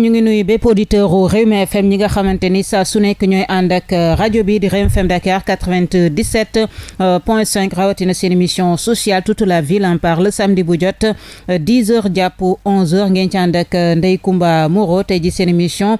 ñu ngi nuy bépp auditeur u Rewmi FM ñi nga xamante ni saa su nekk ñooy ànd ak euh, rajo bi di Rewmi FM Dakar 97 euh, point 5 rawatina seen émission sociale toute la ville en parle samedi bu jot 10 euh, heures jàpp 11 heures ngeen ci ànd ak Ndeye Comba Moreau ji seen émission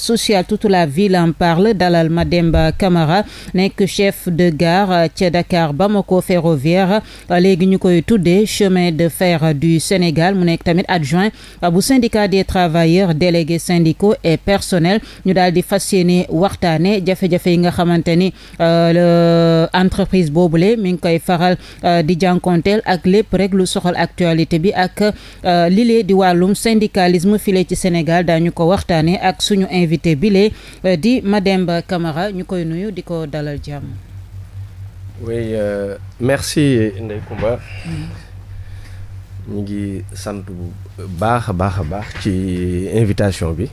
sociale toute la ville en parle dalal Mademba Camara nekk chef de gare ca Dakar Bamako ferroviaire léegi ñu koy tuddee chemin de fer du Sénégal mu nekk tamit adjoint bu syndicat des travailleurs délégués syndicaux et personnels ñu daal di fas yéene waxtaane jafe-jafe yi nga xamante ni euh, entreprise boobu boobule mi ngi koy faral euh, di jànkonteel ak lépp rek lu soxal actualité bi ak euh, lile di wàllum syndicalisme file ci Sénégal daañu ko waxtaane ak suñu invité bile di Mademba Camara ñu koy nuyu di ko dalal jàmm. ñu ngi sant bu baax a baax a baax ci invitation bi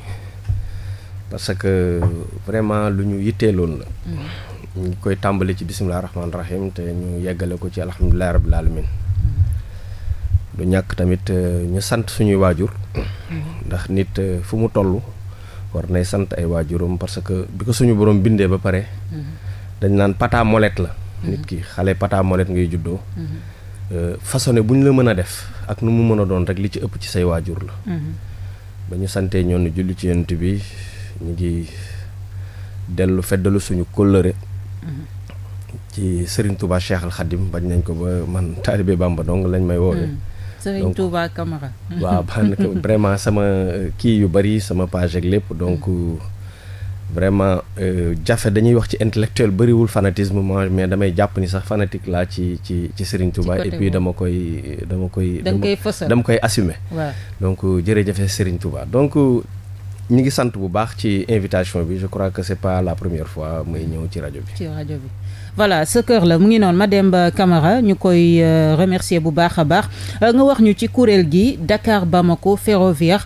parce que vraiment lu ñu yitteeloon la. Mm-hmm. ñu ngi koy tàmbali ci bisimilah rahmaani rahim te ñu yeggale ko ci alhamdulilah rabil alamin lu mm-hmm. ñàkk tamit euh, ñu sant suñuy waajur. Mm-hmm. ndax nit euh, fu mu toll war nay sant ay waajuram parce que bi ko suñu borom bindee ba pare. dañ naan pata molette la. nit ki xale pata molette ngay juddoo. Euh, façonné bu ñu la mën a def. ak nu mu mën a doon rek li ci ëpp ci say waajur la mhm. ba ñu santee ñoon julli ci yonent bi ñu ngi dellu feddalu suñu kóllëre mhm. ci Serigne Touba Cheikh Al Khadim bañ nañ ko ba man taalibe Bamba dong lañ may woowee mhm. Serigne Touba Camara waaw ban vraiment sama kii yu bari sama page lépp donc vraiment euh, jafe dañuy wax ci intellectuel bëriwul fanatisme moi mais damay jàpp ni sax fanatique laa ci ci ci Serigne Touba et puis dama koy dama koy dama koy assumer donc euh, jërëjëf Serigne Touba donc euh, ñi ngi sant bu baax ci invitation bi je crois que c'est pas la première fois mooy ñëw ci rajo bi ci rajo voilà sa kër la mu ngi noonu Mademba kamara ñu koy remercier bu baax a baax nga wax ñu ci kuréel gi Dakar Bamako ferroviaire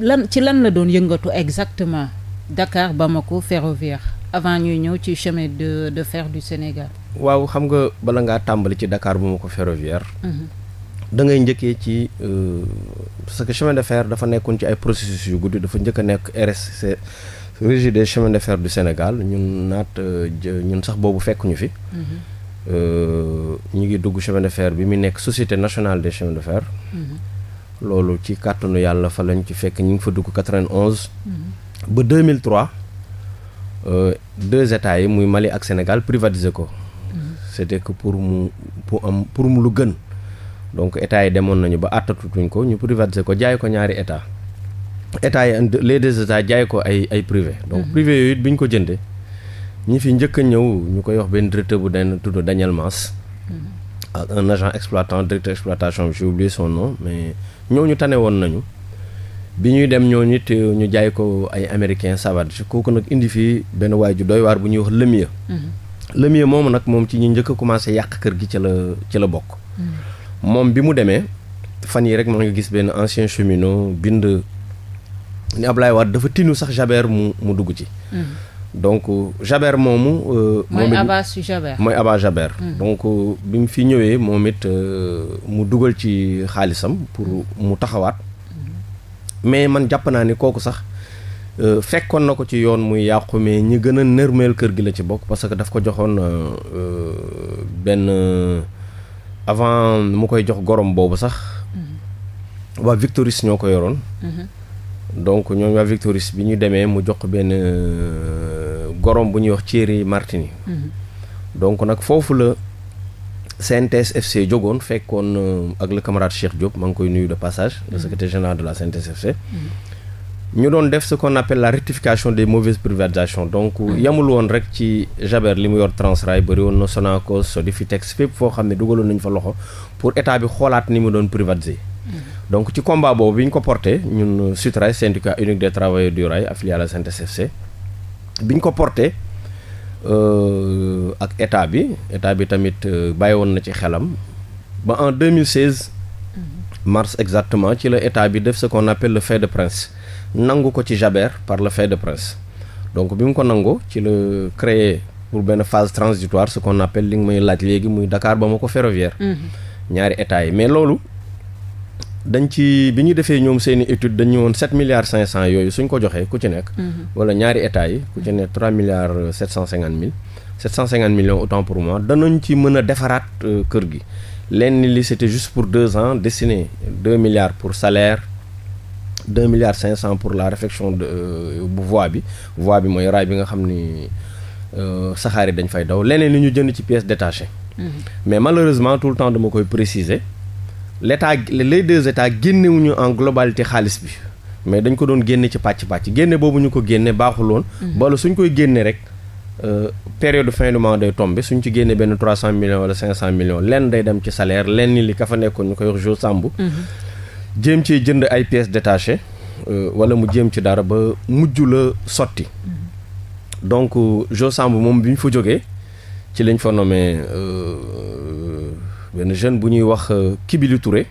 lan ci lan la doon yëngatu exactement Dakar Bamako ferroviaire avant ñuy ñëw ci chemin de de fer du Sénégal. waaw xam nga bala ngaa tàmbali ci dakaar Dakar Bamako ferroviaire. Mhm. da ngay njëkkee ci euh, parce que chemin de fer dafa nekkoon ci ay processus yu guddi dafa njëkk a nekk RSC. régie des chemins de fer du Sénégal ñun naat euh, ñun sax boobu fekk ñu fi. Mhm. Euh, ñu ngi dugg chemin de fer bi mu nekk société nationale de chemins de fer. Mhm. loolu ci kàttanu yàlla fa lañ ci fekk ñu ngi fa dugg 91. ba 2003 euh, deux états yi muy Mali ak Sénégal privatiser ko. Mm-hmm. c'était que pour mu pour am pour mu lu gën. donc état yi demoon nañu ba àttatutuñ ko ñu privatiser ko jaay ko ñaari état état yi les deux états jaay ko ay ay privé donc mm privé yooyu bi ñu ko jëndee ñi fi njëkk ñëw ñu koy wax benn directeur bu den tudd Daniel Mas mm-hmm. ak un agent exploitant directeur exploitation j'ai oublié son nom mais ñooñu tane woon nañu bi ñuy dem ñoo nit ñu jaay ko ay américain savage kooku nag indi fii benn waay ju doy waar bu ñuy wax lëmieux mhm. lëmieux moomu nag moom ci ñu njëkk a commencé yàq kër gi ci la ci la bokk mhm. moom bi mu demee fan yi rek maa nga gis benn ancien cheminot bind ni Ablaye Wade dafa tinu sax Jaber mu mu dugg ci mhm. donc Jaber moomu euh, mooy Abass Jaber mooy Abass Jaber donc bi mu fi ñëwee moom it euh, mu dugal ci xaalisam pour mu taxawaat mais man jàpp naa ni kooku sax euh, fekkoon na ko ci yoon muy yàqu mais ñi gën a nërmeel kër gi la ci bokk parce que daf ko joxoon euh, euh, benn avant mu koy jox gorom boobu sax mm-hmm. waa Victoris ñoo ko yoroon mm-hmm. donc ñoom waa Victoris bi ñu demee mu jox benn gorom bu ñuy wax Thierry Martini mm-hmm. donc nag foofu la CNTS FC jógoon fekkoon euh, ak le camarade Cheikh Diop maa ngi koy nuyu de passage le mm-hmm. secrétaire général de la CNTS FC mm-hmm. ñu doon def ce qu'on appelle la rectification des mauvaises privatisations donc mm-hmm. yamul woon rek ci Jaber li mu yor Transrail bëri woon na Sonacos Sodifitex fépp foo xam ne dugaloon nañu fa loxo pour état bi xoolaat ni mu doon privatiser donc ci combat boobu bi ñu ko porté ñun SUTRAI syndicat unique des travailleurs du rail affilié à la CNTS FC bi ñu ko porté Euh, ak état bi état bi tamit euh, bàyyi woon na ci xelam ba en 2016 mhm. mars exactement ci la état bi def ce qu'on appelle le fait de prince nangu ko ci Jaber par le fait de prince donc bi mu ko nango ci la créer pour benn phase transitoire ce qu'on appelle li nga may laaj léegi muy Dakar ba ma ko ferroviaire mhm. ñaari état yi mais loolu dañ ci bi ñu defee ñoom seen i étude dañu woon 7 milliards 500 yooyu suñ ko joxee ku ci nekk. Mhm. wala ñaari état yi ku ci nekk 3 milliards 750 mille. 750 millions autant pour moi danañ ci mën a defaraat euh, kër gi lenn li c'était juste pour deux ans destiné 2 milliards pour salaire. deux milliards cinq cent pour la réfection de euh, bu voie bi voie bi mooy raay bi nga xam ni euh, saxaar dañ fay daw leneen li ñu jënd ci pièces détachées mhm. mais malheureusement tout le temps dama koy préciser l' état les deux génnewuñu en globalité xaalis bi mais dañ ko doon génne ci pàcc pàcc génne boobu ñu ko génne baaxul woon. Mhm. bala suñ koy génne rek euh, période fin du mois day suñ ci génne benn trois cent millions wala cinq cent millions lenn day dem ci salaire lenn li ka fa nekkoon ñu ko wax jour sàmb mhm. jéem ci jënd ay pièces détachées euh, wala mu jéem ci dara ba mujj la sotti. Mhm. donc Jo euh, Samb moom bi ñu fa jógee ci lañ fa nommé benn jeune bu ñuy wax euh, Kibili Touré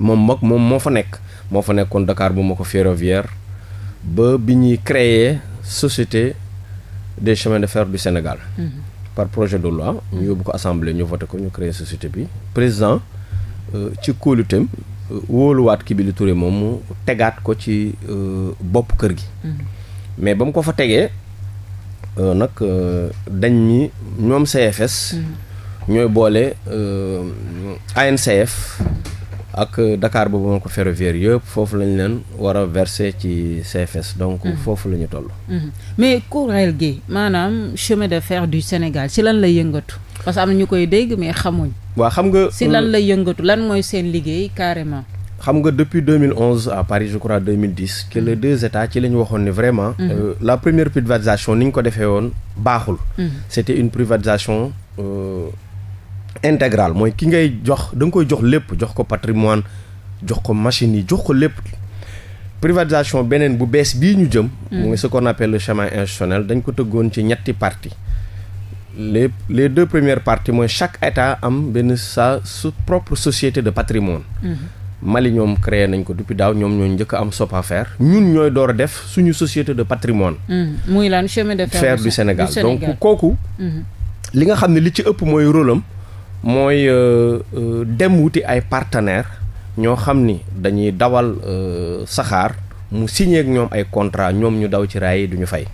moom mag moom moo fa nekk moo fa nekkoon Dakar bu ma ko ferroviaire ba bi ñuy créer société des chemins de fer du Sénégal mhm. par projet de loi ñu yóbbu ko assemblée ñu voté ko ñu créer société bi président euh, ci kóoluteem euh, wóoluwaat Kibili Touré moom mu tegaat ko ci bopp kër gi mhm. mais ba mu ko fa tegee nag dañ ñi ñoom CFS mhm. ñooy boole euh, ANCF ak Dakar boobu moo ko ferroviaire yëpp foofu lañ leen war a verser ci CFS donc mhm. foofu la ñu toll. Mhm. mais kuréel gi maanaam chemin de fer du Sénégal si lan la yëngatu parce que am na ñu koy dégg mais xamuñ. waa xam nga si lan la yëngatu lan mooy seen liggéey carrément. xam nga depuis 2011 à Paris je crois 2010 que les mhm. deux états ci la ñu waxoon ne vraiment. Euh, la première privatisation ni ñu ko defee woon baaxul. c'était une privatisation. Euh, intégral mooy ki ngay jox da koy jox lépp jox ko patrimoine jox ko machine yi jox ko lépp privatisation beneen bu bees bii ñu jëm mu hmm. ce qu'on appelle le chemin institutionnel dañ ko tëggoon ci ñetti parti les les deux premières parties mooy chaque état am benn sa su propre société de patrimoine hmm. Mali ñoom créer nañ ko depuis daaw ñoom ñoo njëkk am sop à faire ñun ñooy door a def suñu société de patrimoine hmm. muy lan chemin de fer du Sénégal donc kooku li nga xam ne li ci ëpp mooy mooy euh, euh, dem wuti ay partenaires ñoo xam ni dañuy dawal euh, saxaar mu signé ñoom ay contrat ñoom ñu daw ci raay yi du ñu fay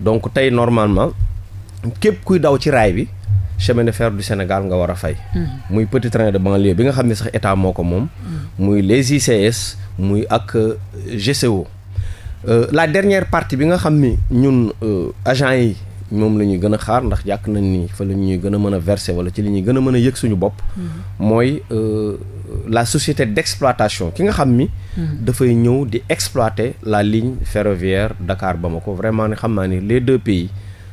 donc tey normalement képp kuy daw ci raay bi chemin de fer du Sénégal nga war a fay. Mmh. muy petit train de banlieue bi nga xam ne sax état moo ko moom. Mmh. muy les ICS muy ak GCO. la dernière partie bi nga xam ni ñun agents yi moom la ñuy gën a xaar ndax jàkk nañ ni fa la ñuy gën a mën a verser wala ci li ñuy gën a mën a yëg suñu bopp. Mm-hmm. mooy euh, la société d'exploitation ki nga xam ni. Mm-hmm. dafay ñëw di exploiter la ligne ferroviaire Dakar ko vraiment ne xam naa ni les de pays.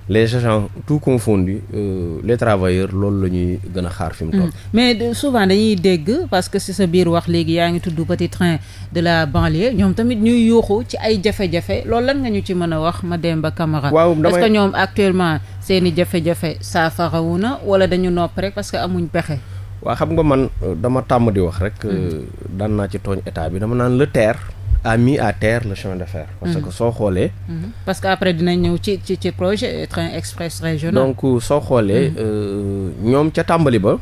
les agents tout confondus euh, les travailleurs loolu la ñuy gën a xaar fi mu toll. Mm. mais souvent dañuy dégg parce que si sa biir wax léegi yaa ngi tudd petit train de la banlieue ñoom tamit ñuy yuuxu ci ay jafe-jafe loolu lan nga ñu ci mën a wax Mademba Camara. waaw damay parce ñoom actuellement seen i jafe-jafe saafarawu na wala dañu nopp rek parce que amuñ pexe. waa xam nga man euh, dama tàmm di wax rek. Mm. Euh, daan naa ci tooñ état bi dama naan le terre. a mis à terre le chemin de fer. parce mm-hmm. que soo xoolee. Mm-hmm. parce que après dina ñëw ci ci ci projet train express régional. donc euh, soo xoolee. Mm-hmm. Euh, ñoom ca tàmbali ba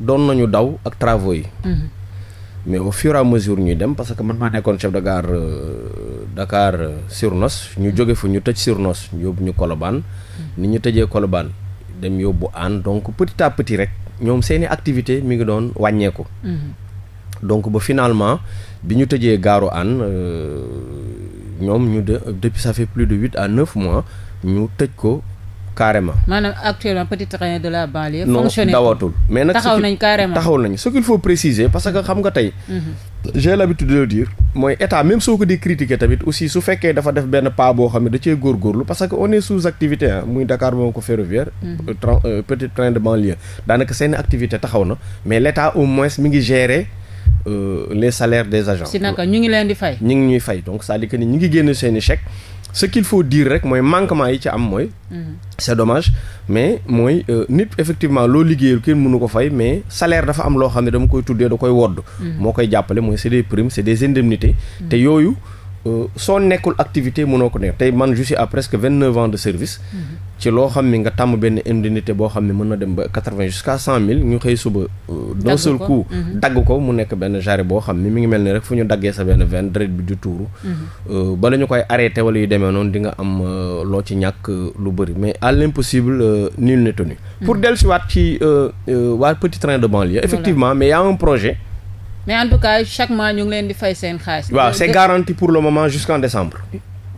doon nañu daw ak travaux yi. mais au fur et à mesure ñuy dem parce que man maa nekkoon chef de gare euh, Dakar Surnos ñu jóge fu ñu tëj Surnos yóbbu ñu Colobane ni ñu tëjee Colobane dem yóbbu aan donc petit à rek ñoom seeni activité mi ngi doon wàññeeku donc ba finalement bi ñu tëjee gaaru ànd euh, ñoom ñu de depuis ça fait plus de huit à neuf mois ñu tëj ko carrément. maanaam actuellement petit train de la banlieue. fonctionné dawatul mais nag taxaw nañ carrément taxaw nañ ce qu'il faut préciser parce que xam nga tey. Mhm. j'ai mooy état même soo ko di critiquer tamit aussi su fekkee dafa def benn pas boo xam ne da cee góorgóorlu parce que on est sous activité ah muy Dakar moom ko ferroviaire. Mhm. Euh, euh, petit train de banlieue daanaka seen activité taxaw na mais l'état au moins mi ngi gérer. Euh, les salaires des agents. si ñu ngi leen di fay. ñu ngi ñuy fay donc c'est-à-dire que ni ñu ngi génn seeni chèque ce qu'il faut dire rek mooy manquement yi ci am mooy. Mhm. c'est dommage mais mooy euh, nit effectivement loo liggéeyul kenn mënu ko fay mais salaire dafa am loo xam ne dama koy tuddee da koy wodd. Mhm. moo koy jàppale mooy c'est des primes c'est des indemnités. Mhm. te yooyu. Euh, soo nekkul activité mënoo ko nekk tey man je suis à presque vingt neuf ans de service. Mhm. ci loo xam ni nga tàmm benn indemnité boo xam ne mën na dem ba quatre vingt jusqu'à cent mille ñu xëy suba. Euh, d'un seul mhm. dagg ko mu nekk benn jarret boo xam ni mi ngi mel ni rek fu ñu daggee sa benn veine deret bi di tuuru. Mhm. Euh, bala ñu koy arrêté wala yu demee noonu di nga am loo ci ñàkk lu bëri mais à l'impossible nul n'est tenu. pour dellusiwaat ci waa petit train de banlieue. effectivement mais y projet. mais en tout cas chaque mois ñu ngi leen di fay seen xaalis. waaw c'est garanti pour le moment jusqu'en décembre.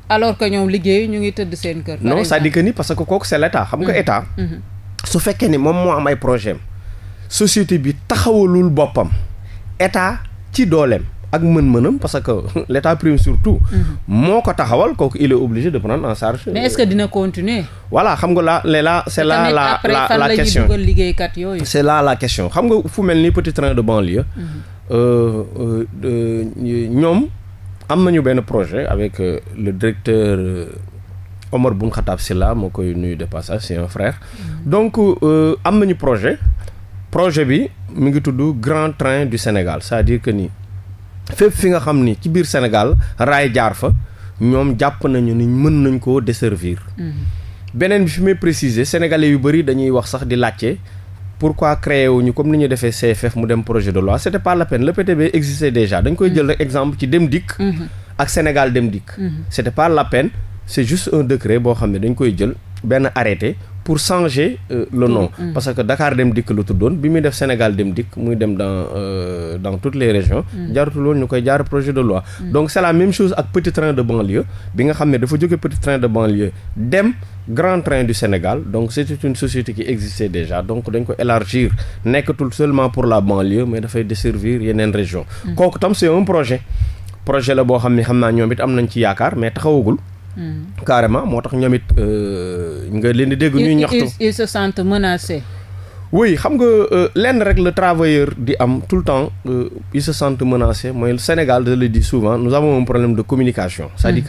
alors que ñoom liggéey ñu ngi tëdd seen kër. non c'est-à-dire que ni parce que kooku c'est l'état xam nga mm-hmm. état. Mm-hmm. su fekkee ni moom moo am ay projet société bi taxawalul boppam état ci dooleem ak mën-mënam parce que l'état prime surtout. Mm-hmm. moo ko taxawal kooku il est obligé de prendre en charge. mais est-ce que dina continuer. voilà xam nga la la c'est là la la la la question xam nga fu ni petit train de banlieue. Euh, euh, euh, ñoom am nañu benn projet avec le directeur Omar Boun Khattab Silla moo koy nuyu de passage c'est un frère mm-hmm. donc am nañu projet projet bi mu ngi tudd grand train du Sénégal c'est-à-dire que nii fépp fi nga xam ni ci biir Sénégal raay jaar fa ñoom jàpp nañu ni mën nañ koo desservir mm-hmm. beneen bi fi may préciser sénégalais yu bëri dañuy wax sax di laajte pourquoi créé wuñu comme ni ñu defee CFF mu dem projet de loi c'était pas la peine le PTB existait déjà dañ koy jël rek exemple ci Dem Dikk mhm. ak Sénégal Dem Dikk mhm. c'était pas la peine c'est juste un décret boo xam ne dañ koy jël benn arrêté pour changer euh, le nom mm. parce que Dakar Dem Dikk lu tuddoon bi muy def Sénégal Dem Dikk muy dem dans euh, dans toutes les régions mm. jaratul woon ñu koy jaar projet de loi mm. donc c'est la même chose ak petit train de banlieue bi nga xam ne dafa jóge petit train de banlieue dem grand train du Sénégal donc c'était une société qui existait déjà donc dañ ko élargir nekkatul seulement pour la banlieue mais dafay desservir yeneen région kooku tam c'est un projet projet la boo xam ne xam naa ñoom nañ ci yaakaar mais taxawagul Mm. carrément moo tax ñoom it euh, nga leen di dégg ñuy ñaxtu ils sa sentent menacés oui xam nga euh, lenn rek le travailleur di am tout le temps euh, ils se sentent menacés mooy Sénégal je le di souvent nous avons problème de communication c'est-à-dire mm.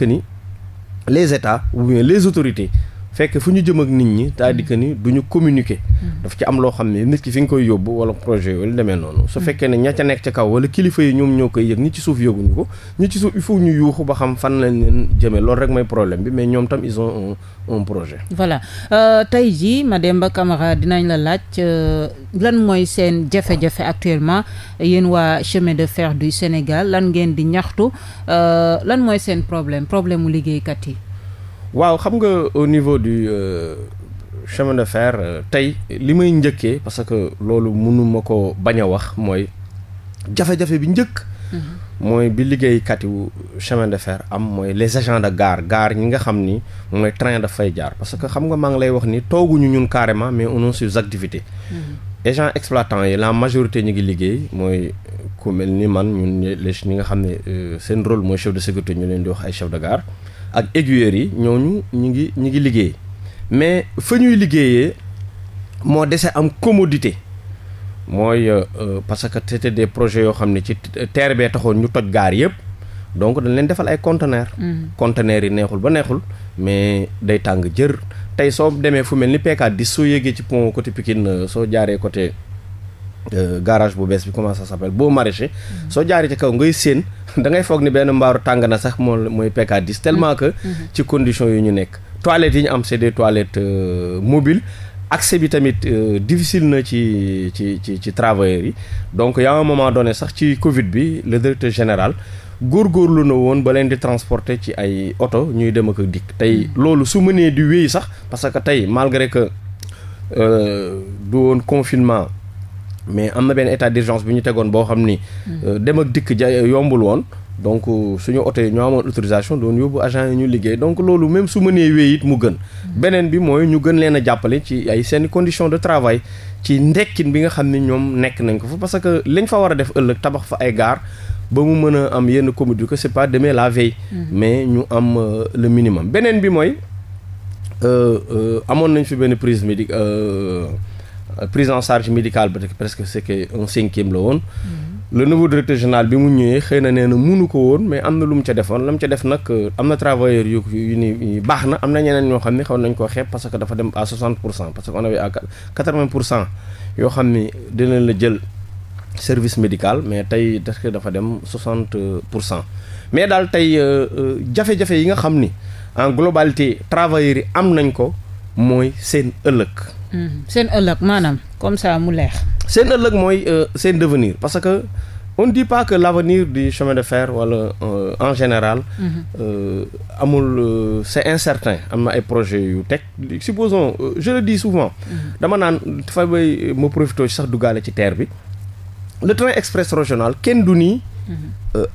que les états ou bien les autorités fekk fu ñu jëm ak nit ñi cest à mm. ni du ñu communiquer. Mm. daf ci am loo xam ne nit ki fi nga koy yóbbu wala projet yooyu demee noonu. su mm. fekkee ne ña ca nekk ca kaw wala kilifa yi ñoom ñoo koy yëg ñi ci suuf yëguñu ko ñi ci suuf il faut ñu yuuxu ba xam fan lañ leen jëmee loolu rek mooy problème bi mais ñoom tam ils on un, projet. voilà euh, tey jii ma Mademba Camara dinañ la laaj euh, lan mooy seen jafe-jafe actuellement yéen waa chemin de fer du Sénégal lan ngeen di ñaxtu euh, lan mooy seen problème problème mu liggéeykat yi. waaw xam nga au niveau du euh, chemin de fer euh, tey li may njëkkee parce que loolu mënuma ko bañ a wax mooy jafe-jafe bi njëkk. Mm-hmm. mooy bi liggéeykat yu chemin de fer am mooy les agents de gare gar ñi nga xam ni mooy train daf jaar parce que xam nga maa ngi lay wax ni tooguñu ñun carrément mais on a ses activités. Mm-hmm. agents exploitants yi la majorité ñu ngi liggéey mooy ku mel ni man ñun les ñi nga xam ne euh, seen rôle mooy chef de sécurité ñu leen di wax ay chef de gare. ak aiguilleurs yi ñooñu ñu ngi ñu ngi liggéey mais fa ñuy liggéeyee moo dese am commodité mooy euh, euh, parce que c'était des projets yoo xam ne ci terre bee taxoon ñu toj gaar yëpp donc dañ leen defal ay conteneurs. Mm-hmm. conteneurs yi neexul ba neexul mais day tàng jër tey soo demee fu mel ni PK di soo yéegee ci pont côté Pikine euh, soo jaaree côté. Euh, garage bu bees bi comment ça s'appelle boo maraîcher soo jaaree ci kaw ngay séen da ngay foog ni benn mbaaru tàng na sax moom mooy PK10 tellement que mhm. ci condition yu ñu nekk toilettes yi ñu am c'est des toilettes euh, mobiles accès bi tamit euh, difficile na ci ci ci ci travailleurs yi donc y a un moment sax ci Covid bi le directeur général góor góorlu na woon ba leen di transporter ci ay oto ñuy dem ak a dikk tey mhm. loolu su mënee di wéy sax parce que tey malgre que du woon confinement mais am na benn état d'urgence bi ñu tegoon boo xam ni. Mm. Euh, dem ak dikk ja euh, yombul woon. donc euh, suñu oto yi ñoo amoon autorisation doon yóbbu agent yi ñu liggéey donc loolu même su mënee wéy mu gën. Mm. beneen bi mooy ñu gën leen a jàppale ci ay seen conditions de travail ci ndekkin bi nga xam ni ñoom nekk nañ ko fa parce que lañ fa war a def ëllëg tabax fa ay gaar ba mu mën a am yenn commode que c'est pas demain la veille. Mm. mais ñu am le minimum beneen bi mooy amoon nañ fi benn prise médicale. Euh, prise en charge médicale bi presque que un cinquième la woon. Mm-hmm. le nouveau directeur général bi mu ñëwee xëy na nee na munu ko woon mais am na lu mu ca defoon la mu ca def nag euh, am na travailleurs yu yu baax na am na ñeneen ñoo xam ne xaw nañ koo xeeb parce que dafa dem à 60 pour cent parce que yoo xam ni dinañ la jël service médical mais tey dafa dafa dem 60 euh, pour cent mais daal tey jafe-jafe yi nga xam ni en globalité travailleurs yi am nañ ko mooy seen ëllëg. Mhm. seen ëllëg maanaam comme ça mu leer. seen ëllëg mooy euh, seen devenir parce que on ne dit l'avenir du chemin de fer wala euh, en général. Mhm. Euh, amul euh, c'est incertain am na ay projets yu teg supposons je le dis souvent. Mhm. dama naan dafay bay ma profité sax duggaale ci terre bi. le train express régional kenn du nii.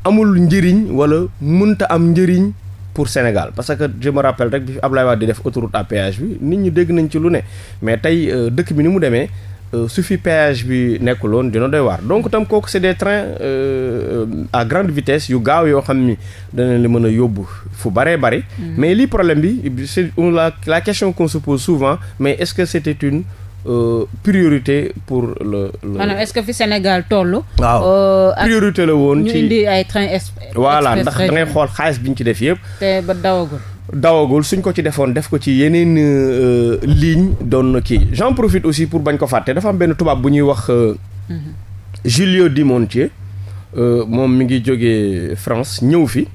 amul njëriñ wala mënta am njëriñ. pour Sénégal parce que je me rappelle rek bi Ablaye Wade di def autoroute à péage bi nit ñi dégg nañ ci lu ne mais tey euh, dëkk bi ni mu demee euh, su fi péage bi nekkuloon dina doy waar donc tam kooku c'est des trains euh, à grande vitesse yu gaaw yoo xam ni dana la mën a yóbbu fu baree bari mm. mais lii problème bi c'est la la question qu'on se souvent mais est-ce que c'était une euh, priorité pour le. le... est-ce que fi Sénégal toll. waaw euh, priorité la woon. ci ñu ay train express ndax da xool xaalis bi ñu ci def yëpp. te ba dawagul. dawagul suñ ko ci defoon def ko ci yeneen euh, ligne doon kii j'en profit aussi pour bañ ko fàtte dafa benn tubaab bu ñuy wax. Euh, mhm. Julio Dimontier moom mi ngi jógee France ñëw fi.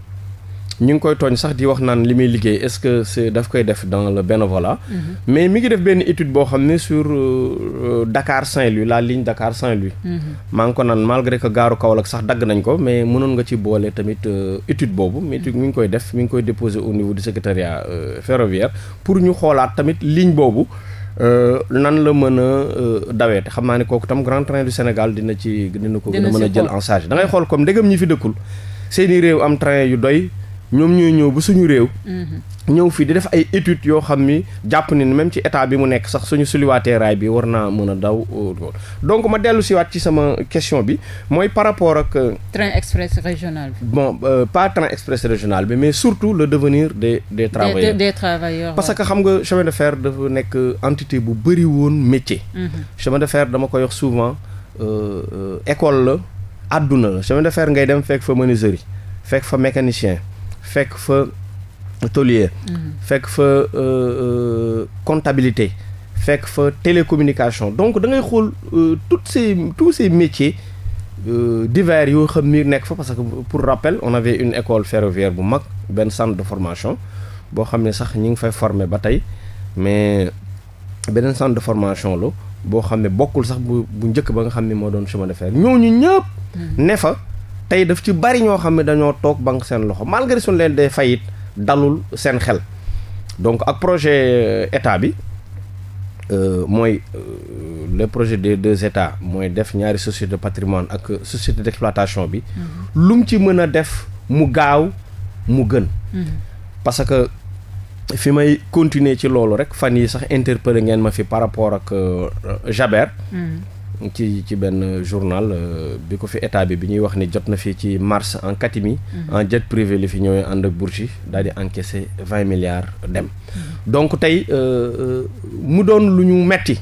ñu ngi koy tooñ sax di wax naan li muy liggéey est-ce que c'est daf koy def dans le bénévolat mm-hmm. mais mi ngi def benn étude boo xam ne sur euh, euh, dakaar Saint-Louis la ligne dakaar Saint-Louis mm-hmm. maa ngi ko naan malgré que gaaru Kaolack sax dagg nañ ko mais mënoon nga ci boole tamit euh, étude boobu mi ngi koy def mi ngi koy déposer au niveau du secrétariat ferroviaire pour ñu xoolaat tamit liiñ boobu nan la mën a dawee te xam naa ne kooku tam grand train du Sénégal dina ci dina ko gën a mën a jël en charge da ngay xool comme ndegam ñi fi dëkkul seeni réew am yu doy ñoom ñooy ñëw ba suñu réew. Mm-hmm. ñëw fii di def ay études yoo xam ni jàpp ni même ci état bi mu nekk sax suñu suliwaatee raay bi war naa mën a daw. Euh, donc ma dellu siwaat ci sama question bi mooy par rapport ak. Euh, train express régional bi. bon euh, régional bi mais surtout le devenir des des. travailleurs des, des, parce que xam nga chemin de fer dafa nekk entité bu bëri woon métier. Mm-hmm. chemin de fer dama koy yox souvent école la àdduna la chemin de fer ngay dem fekk fa menuiserie fekk fa mécanicien. fekk fa tôlier mhm. fekk fa euh, euh, comptabilité fekk fa télécommunication donc da ngay xool euh, toutes ces tous ces métiers divers yoo xam ni nekk fa parce que pour rappel on avait une école ferroviaire bu mag benn centre de formation boo xam ne sax ñi ngi fay former ba tey mais beneen centre de formation la boo xam ne bokkul sax bu bu njëkk ba nga xam ne moo doon chemin de fer ñooñu ñëpp mhm. ne fa tey daf ci bari ñoo xam ne dañoo toog banque seen loxo malgré suñ leen dee fayit dalul seen xel donc ak projet euh, état bi Euh, mooy euh, le projet des deux états mooy def ñaari société de patrimoine ak société d'exploitation bi mm-hmm. lu ci mën a def mu gaaw mu gën mm-hmm. parce que fi may continuer ci loolu rek fan yi sax interpellé ngeen ma fi par rapport ak euh, ci ci benn journal euh, bi ko fi état bi bi ñuy wax ni jot na fi ci mars en catimini mhm. en jet privé li fi ñëwee ànd ak Bourgi daal di encaissé vingt milliards dem mhm. donc tey euh, euh, mu doon lu ñu metti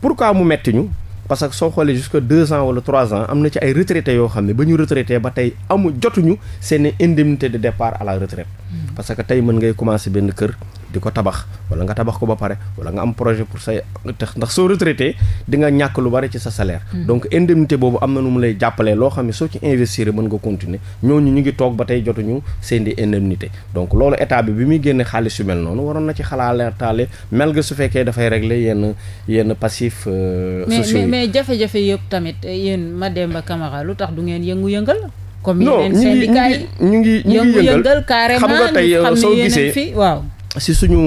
pour pourquoi mu metti ñu parce que soo xoolee jusque deux ans wala trois ans am na ci ay retraités yoo xam ne ba ñu retraité ba tey amu jotuñu seen indemnité de départ à la retraite mhm. parce que tey mën ngay commencé benn kër di ko tabax wala nga tabax ko ba pare wala nga am projet pour sa tax ndax soo retraité di nga ñàkk lu bari ci sa salaire mm. donc indemnité boobu am na nu mu lay jàppalee loo xam ne soo ci investir mën nga continuer ñooñu ñu ngi toog ba tey jotuñu seen di indemnité donc loolu état bi bi muy génne xaalis yu mel noonu waroon na ci xalaaleertaale mel nga su fekkee dafay régler yenn yenn passif euh, sociaux yi mais jafe-jafe yëpp tamit eh, yéen Mademba Camara lu tax du ngeen yëngu-yëngal comme yeneen syndicat yi ñu ngi ñu ngi yëngal carrément xam nga tey euh, soo gisee waaw si suñu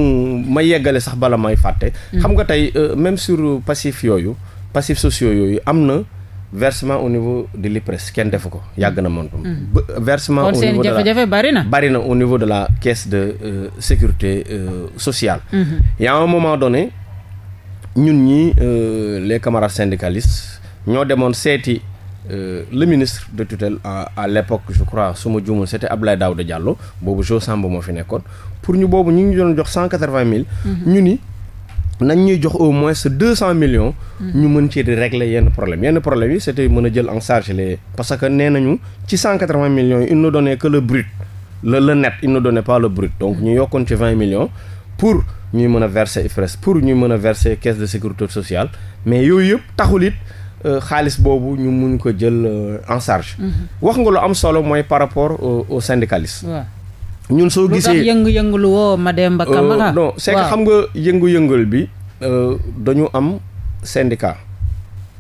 ma yeggalee sax bala may fàtte. Mm. xam nga tey euh, même sur passif yooyu passif sociaux yooyu am na. versement au niveau de l'IPRES kenn defu ko yàgg na moom. Mm. versement au niveau de la bari na. bari na au niveau de la caisse de euh, sécurité euh, sociale. Mm moment donné ñun ñi euh, les camarades syndicalistes ñoo demoon seeti. Euh, le ministre de tutelle à, à l'époque je crois su ma juumal c'était Abdoulaye Daouda Diallo boobu Jo Samba moo fi nekkoon pour ñu boobu ñu ngi doon jox cent quatre-vingt mille mhm. ñu ni nañ ñuy jox au moins deux cent millions mhm. ñu mën ci di régler yenn problème yenn problème yi c'était mën a jël en charge parce que nee nañu ci cent quatre-vingt millions yi il ne donnait que le brut le le net ñu yokkoon ci vingt millions pour ñuy mën a verser IFRES pour ñuy mën a verser de sécurité sociale mais yooyu yëpp taxul it Euh, xaalis boobu ñu mun ko jël euh, en charge. Mhm. wax nga lu am solo mooy par rapport au syndicaliste. ñun soo gisee lu yëngu-yëngu lu woo Mademba Kamara. Euh, xam nga yëngu-yëngal bi dañu am syndicat.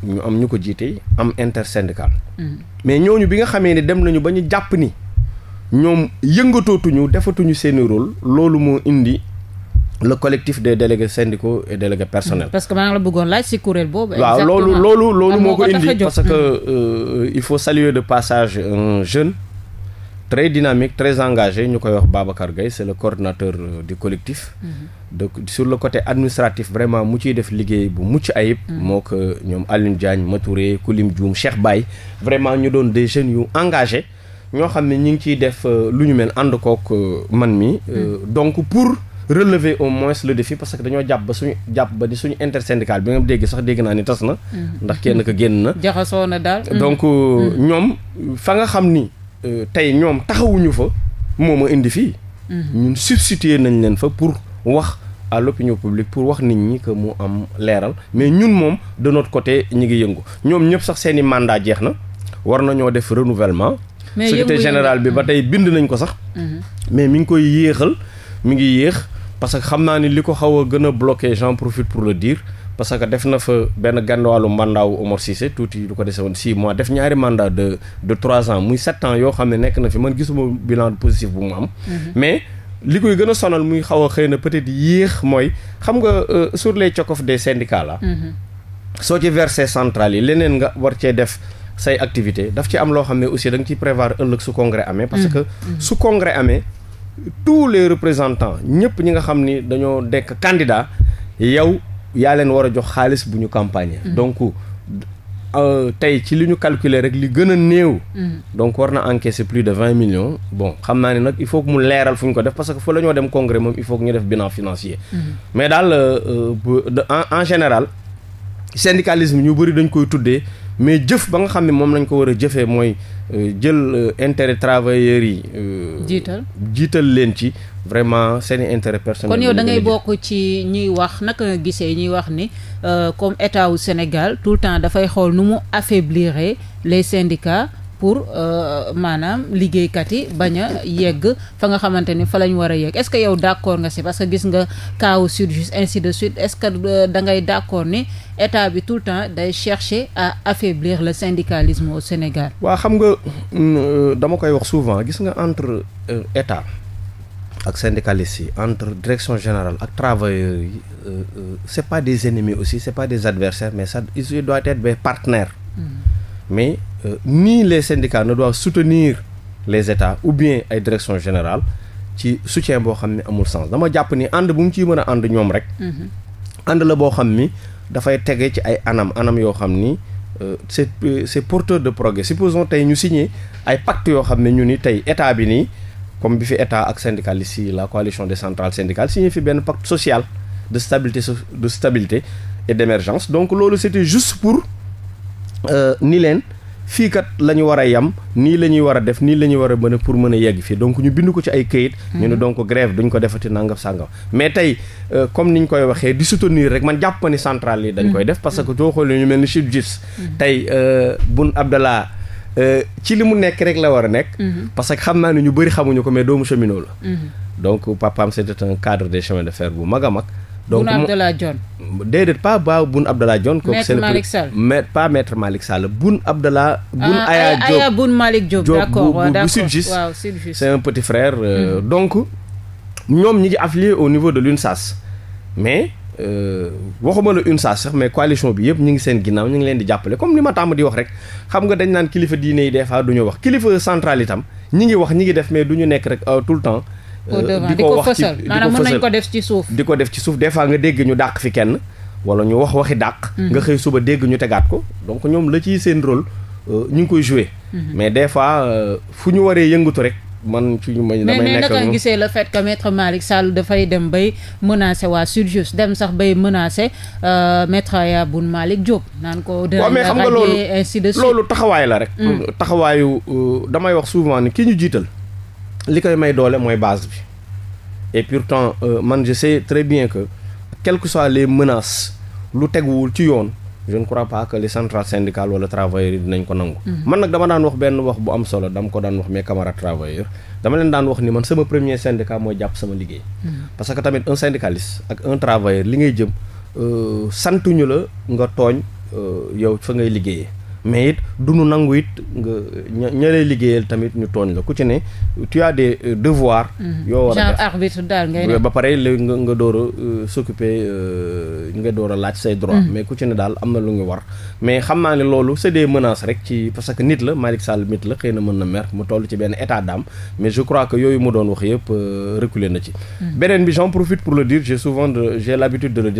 ñu am ñu ko jiitee am inter intersyndical. Mhm. mais ñooñu bi nga xamee ne dem nañu ba ñu jàpp ni ñoom yëngatootuñu defatuñu seeni rôle loolu moo indi. le collectif des délégués syndicaux et délégués personnels. parce que maa ngi la bëggoon laaj si kuréel boobu. waaw loolu loolu loolu moo ko indi parce que hmm. euh, il faut saluer de passage un jeune très dynamique très engagé ñu koy wax Babacar Gueye c'est le coordinateur euh, di collectif. Hmm. donc sur le côté administratif vraiment mu ciy def liggéey bu mucc ayib. Hmm. moo ko ñoom Alioune Diagne Matouré Koulim Dioum Cheikh Baye vraiment ñu doon des jeunes yu engagés ñoo xam ne ñu ngi ciy def euh, lu ñu mel ànd kook man mi donc pour. relever au moins le défi parce que dañoo jàpp ba suñu jàpp ba di suñu intersyndical bi nga dégg sax dégg naa ni tas na. Mhm. ndax kenn ko génn na. jaxasoo na daal. donc euh, mhm. ñoom fa nga xam ni euh, tey ñoom taxawuñu fa moom a indi fii. Mhm. ñun substituer nañ leen fa pour wax à l'opinion publique pour wax nit ñi que mu am leeral mais ñun moom de notre côté ñi ngi yëngu ñoom ñëpp sax seeni mandat jeex na war nañoo def renouvellement. mais secrétaire général bi ba tey bind nañ ko sax. mais mi ngi koy yéexal mu ngi yéex. parce que xam naa ni li ko xaw a gën a bloqué j'en profite pour le dire parce que def na fa benn gànnuwaalu mandat wu Omar Cissé tuuti lu ko dese woon 6 mois def ñaari mandat de de 3 ans muy 7 ans yoo xam ne nekk na fi man gisuma bilan positif bu mu am. Mm-hmm. mais li koy gën a sonal muy xaw a xëy na peut-être yéex mooy xam nga euh, sur les cokof de syndicats là. Mm-hmm. soo ci versé centrale yi leneen nga war cee def. say activité daf ci am loo xam ne aussi da nga ciy prévoir ëllëg su congrès amee parce mm-hmm. que su amee tous les représentants ñëpp ñi nga xam ni dañoo dekk candidat yow yaa leen war a jox xaalis bu ñu campagne mm. donc euh, tey ci li ñu calculer rek li gën a néew mm. donc war na encaisser plus de vingt millions bon xam naa ne nag il faut que mu leeral fu ñu ko def parce que fa la ñoo dem congrès moom il faut que ñu def bilan financier mm. mais daal euh, euh, en général syndicalisme ñu bëri dañ koy tuddee mais jëf ba nga xam ne moom lañ ko war a jëfee mooy Euh, jël euh, intérêt travailleurs yi. Euh, jiital jiital leen ci vraiment seen i intérêt personnel. kon yow da ngay bokk ci ñuy wax naka nga gisee ñuy wax ni comme état wu Sénégal tout le temps dafay xool nu mu affaiblir les syndicats. pour euh, maanaam liggéeykat yi bañ a yegg fa nga xamante ni fa la ñu war a yegg est-ce que yow d'accord nga si parce que gis nga kaaw sud juste ainsi de suite est-ce que euh, da ngay d'accord ni état bi tout le temps day chercher à affaiblir le syndicalisme au Sénégal. waa xam nga mm, euh, dama koy wax souvent gis nga entre état ak syndicalistes yi entre direction général ak travailleurs yi c'est pas des ennemis aussi c'est pas des adversaires mais ça ils doivent être des partenaires mm. mais. euh, ni les syndicats doo doivent soutenir les états ou bien ay direction générale ci soutien boo xam ne amul sens dama jàpp ni ànd bu mu ciy mën a ànd ñoom rek. Mm-hmm. ànd la boo xam ni dafay tege ci ay anam anam yoo xam ni euh, c'est c'est porteur de progrès supposons tey ñu signé ay pacte yoo xam ne ñu ni tey état bi nii comme bi fi état ak syndicalistes yi la coalition des centrales syndicales signé fi benn pacte sociale de stabilité de stabilité et d'émergence donc loolu c'était juste pour euh, ni leen. fii kat la ñu war a yem nii la ñuy war a def nii la ñuy war a mën a pour mën a yegg fii donc ñu bind ko ci ay këyit. Mm-hmm. ñu ne donc grève duñ ko defati nangam sàngam mais tey euh, comme ñu koy waxee di soutenir rek man jàpp ni centrale yi dañ mm-hmm. koy def parce que mm-hmm. soo xoolee ñu mel ni Chib Gis. tey euh, Boun Abdallah euh, ci li mu nekk rek la war a nekk. parce que xam naa ne ñu bëri xamuñu ko mais doomu cheminot la. donc papaam c'était un cadre des chemins de fer bu mag a mag. donc Boun Abdallah Dionne déedéet pas ba Boun Abdallah Dionne kooku seen Malick Sall mais pas maître Malick Sall Boun euh, mm-hmm. donc ñoom ñi ngi affilié au niveau de l'UNSAS mais euh, waxuma la UNSAS sax mais coalition bi yëpp ñu ngi seen ginnaaw ñu ngi leen di jàppale comme li ma tàmm di wax rek xam nga dañ naan kilifa diine yi des fois du ñu wax kilifa central itam ñi ngi wax ñi ngi def mais du ñu nekk rek euh, tout le temps Euh, di ko wax def ci suuf di ko def ci suuf des fois nga dégg ñu dàq fi kenn wala ñu wax waxi dàq mm-hmm. nga xëy suba dégg ñu tegaat ko donc ñoom la ciy seen rôle euh, ñu ngi koy jouer mm-hmm. mais des fois euh, fu ñu waree yëngatu rek man ci ñu may damay nekk mais naka le fait que maître Malick Sall dafay dem bay menacer waa Surjus dem sax bay menacer maître Aya Boun Malick Diop. naan ko dinañ la ràññee ainsi de suite waaw mais xam nga loolu taxawaay la rek. Mm. taxawaayu damay wax souvent ni ki ñu jiital. li koy may doole mooy base bi et pourtant euh, man je sais très bien que quelles que soient les menaces lu teguwul ci yoon je ne crois pas que les centrales syndicales wala travailleurs yi dinañ ko nangu. Mhm. man nag dama daan wax benn wax bu am solo dama ko daan wax mes camarades travailleurs dama leen daan wax ni man sama premier syndicat mooy jàpp sama liggéey. Mhm. parce que tamit un syndicaliste ak un travailleur li ngay jëm euh, santuñu la nga tooñ euh, yow fa ngay liggéeyee. mais it du nangu it nga ña ña lay liggéeyal tamit ñu tooñ la ku ci ne tu as des euh, devoirs. Mm-hmm. yoo war a def genre arbitre daal ba pare léegi nga nga door a euh, s'occuper euh, nga door a laaj say droits. Mm-hmm. mais ku ci ne daal am na lu ngi war. mais xam naa ne loolu c'est des menaces rek ci parce que nit la Malick Sall nit la xëy na mën na mer mu toll ci benn état d'âme mais je crois que yooyu mu doon wax yëpp reculer na ci. Mm-hmm. beneen bi j'en profite pour le dire j'ai souvent j'ai l'habitude de le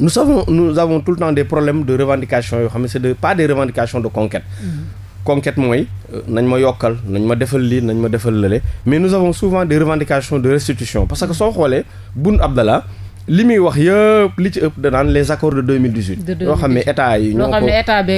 nous savons nous avons tout le temps des problèmes de revendication yoo xam ne c'est de pas des revendications de conquête mm-hmm. conquête mooy euh, nañ ma yokkal nañ ma defal lii nañ ma defal lële mais nous avons souvent des revendications de restitution parce que soo xoolee Boun Abdallah li muy wax yëpp li ci ëpp danaan les accords de 2018. de 2018 xam ne état yi. ñoo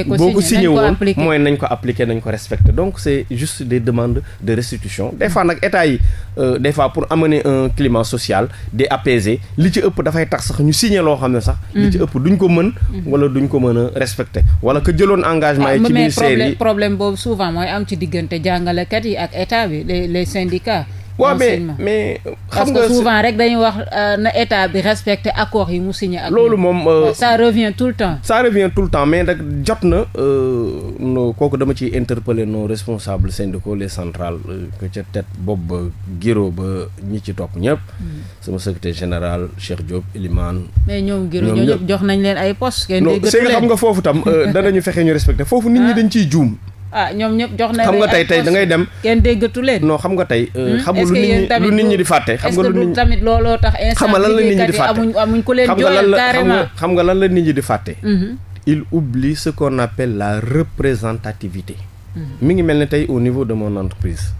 ko boo ko signé woon mooy nañ ko appliqué nañ ko respecté donc c' est juste des demandes de restitution des fois nag état yi euh, des fois pour amener un climat social des apaisé li ci ëpp dafay tax sax ñu signé loo xam ne sax. li ci mm. ëpp duñ ko mën. Mm. wala duñ ko mën a respecté wala que jëloon engagement yi. Ah, ci ministère yi problème boobu souvent mooy am ci diggante jàngalekat yi ak état bi les les syndicats. waa mais mais xam nga parce que souvent rek dañuy wax euh, na état bi respecté accord yi mu signé ak loolu moom euh, ça revient tout le temps ça revient tout le temps mais nag jot na euh, no kooku dama ciy interpeller nos responsables seen les centrales que ca tête bopp ba giro ba ñi ci topp ñëpp mm. suma secrétaire général Cheikh Diop Elimane mais ñoom giro ñoom ñëpp jox nañ leen ay postes non c'est xam nga foofu tam danañu fexe ñu respecté foofu nit ñi ah. dañ ciy juum ah ñoom ñëpp jox na xam nga tey tey da ngay dem kenn déggatu leen noo xam nga tey euh, hmm? xamul lu nit ñi lu nit di fàtte xam nga lu nit ñi tamit looloo tax instant lan la nit ñi di fàtte amuñ amuñ ku leen jooyal carrément xam nga lan la nit ñi di fàtte hmm. il oublie ce qu'on appelle la représentativité hmm. mi ngi mel ni tey au niveau de mon entreprise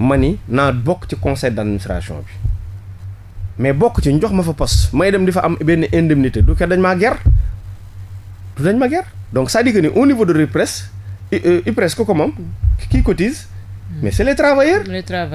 ma ni naa bokk ci conseil d'administration bi mais bokk ci njox ma fa post may dem di fa am benn indemnité du ke dañ maa ger du dañ ma ger donc ça dit ni au niveau de Rip Presse Euh, IPRES ku ko moom kii cotise hmm. mais c' est les travailleurs.